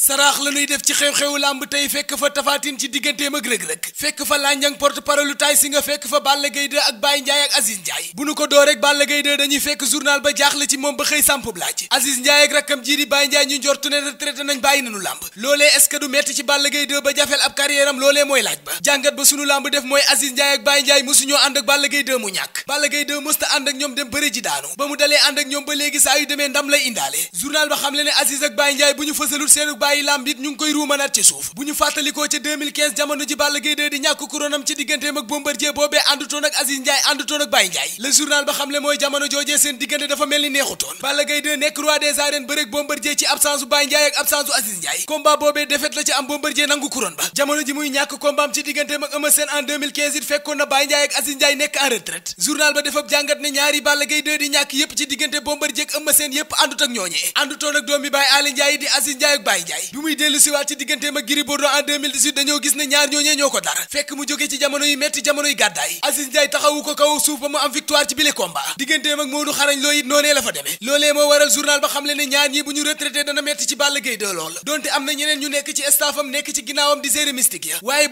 saraax la def ci xew-xewu làmb tey fekk fa tafaatin ci digganteem ak rëg-rëg fekk fa lanjang porte parole taay si nga fekk fa Balla Gaye 2 ak Baye Ndiaye ak Aziz Ndiaye bu nu ko doo rek Balla Gaye 2 dañuy fekk journal ba jaaxle ci moom ba xëy sampub laaj Aziz Ndiaye ak rakkam jii di Baye Ndiaye ñu njortu ne retraité nañ bàyyi nañu làmb loolee est-ce que metti ci Balla Gaye ba jafeel ab carrière loolee mooy laaj ba jàngat ba sunu làmb def mooy Aziz mu ñàkk Balla ba léegi saa demee ndam lay indaale journal ba xam bàyyi lamb it ñu ngi koy ruumanaat ci suuf bu ñu fàttalikoo ca ak ba xamle mooy jamono joojee seen diggante dafa mel ni absence u Baye Ndiaye ak absence u la ci am Bombardier nangu couronne ba jamono ji muy ñàkk combaam ci digganteem ak en 2015 journal ba defab jàngat ne ñaari Balla Gaye di ñàkk yépp ci diggante Bombardier ak Eumeu Sène yépp àndut ak ñooñee àndutoon ak doomi Baye Aly Ndiaye di Aziz Ndiaye ak Baye Ndiaye njaay bi muy dellu siwaat ci digganteem ak Gris Bordeaux en 2018 dañoo gis ne ñaar ñooñee ñoo ko dar fekk mu jógee ci jamono yu metti jamono yu gàddaay Aziz Ndiaye taxawu ko kaw suuf ba mu am victoire ci bile combat digganteem ak Modou xarañ loo it noonee la fa demee loolee moo waral journal ba xamle ne ñaar ñi bu ñu retraité dana metti ci Balla Gaye 2 lool donte am na ñeneen ñu nekk ci staffam nekk ci ginnaawam di gérer mystique ya waaye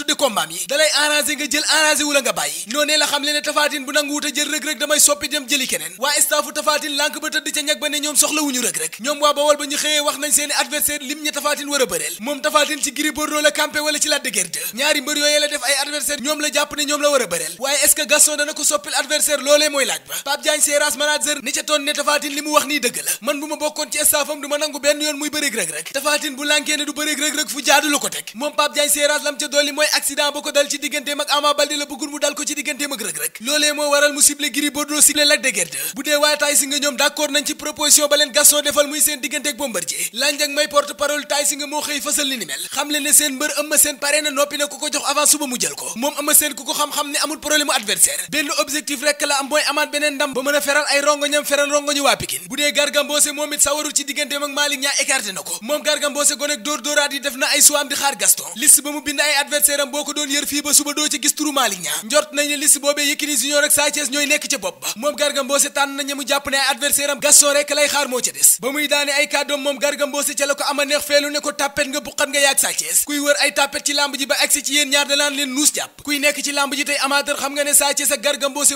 tudde combat mi dalay arrangé nga jël arrangé wu la nga bàyyi noonee la xam le tafaatin bu nangu jël rëg-rëg damay soppi dem jëli keneen waa staffu tafaatin lànk ba tëdd ca ñag ba ne ñoom tafaatin war a bëreel moom tafaatin ci Gris Bordeaux la campé wala ci Lac de ñaari mbër yooyee la def ay adversaire ñoom la jàpp ne ñoom la war a bëreel waaye est-ce dana ko soppil adversaire loolee mooy laaj ba Pape Diagne Seras manager ni ca toon ne tafaatin accident ba ko dal ci digganteem ak Ama Baldé la bëggul mu dal ko ci digganteem ak rëg-rëg loolee moo waral mu ciblé Gris Bordeaux ciblé Lac de Guiers bu dee waa Tay Shinger ñoom d'accord nañ ci proposition ba leen Gaston defal muy seen diggante ak Bombardier may porte parole Tay Shinger moo xëy fësal li xam le seen mbër Eumeu Sène pare na noppi na ku ko jox avance suba mu jël ko moom Eumeu Sène ku ko xam-xam ne amul problème mu a ci digganteem ak Malick Niang yaram boo ko doon yër fii ba suba doo ci gis turu Malick Niang njort nañu liste boobee Yékini Junior ak Sa ñooy nekk ca bopp ba moom Garga tànn na ña mu jàpp ne ay adversaire am Gaston rekk lay xaar moo ca des ba muy daane ay kàddoom moom Garga ca la ko ama neex feelu ne ko tàppet nga buqat nga yaag Sa Thiès kuy wër ay tàppet ci lamb ji ba agsi ci yéen ñaar dalaan leen nuus jàpp kuy nekk ci lamb ji tey amateur xam nga ne Sa Thiès ak Garga Mbossé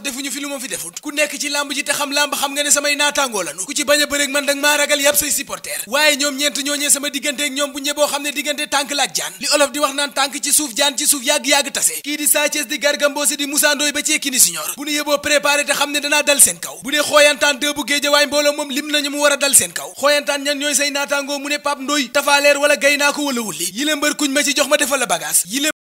defuñu fi lu ma fi nekk ci lamb ji te xam lamb xam nga ne samay naataangoo lanu ku ci a bëreeg man dang maa ragal yàpp say supporter waaye ñoom ñeent ñooñee sama diggante ak ñoom bu ñe boo xam ne diggante tànk laaj jaan li naan tànk ci suuf jaan ci suuf yàgg-yàgg tase kii di Sa di Garga di Moussa Ndoye ba ci Yékini Senior bu nu yeboo préparé te xam ne danaa dal seen kaw bu dee xooyantaan deux géejawaay mbooloo moom lim nañu mu war a dal seen kaw xooyantaan ñan ñooy say naataangoo mu ne Pape Ndoye tafaaleer wala gay naa ko wala wulli yi mbër kuñ ma ci jox ma defal la bagage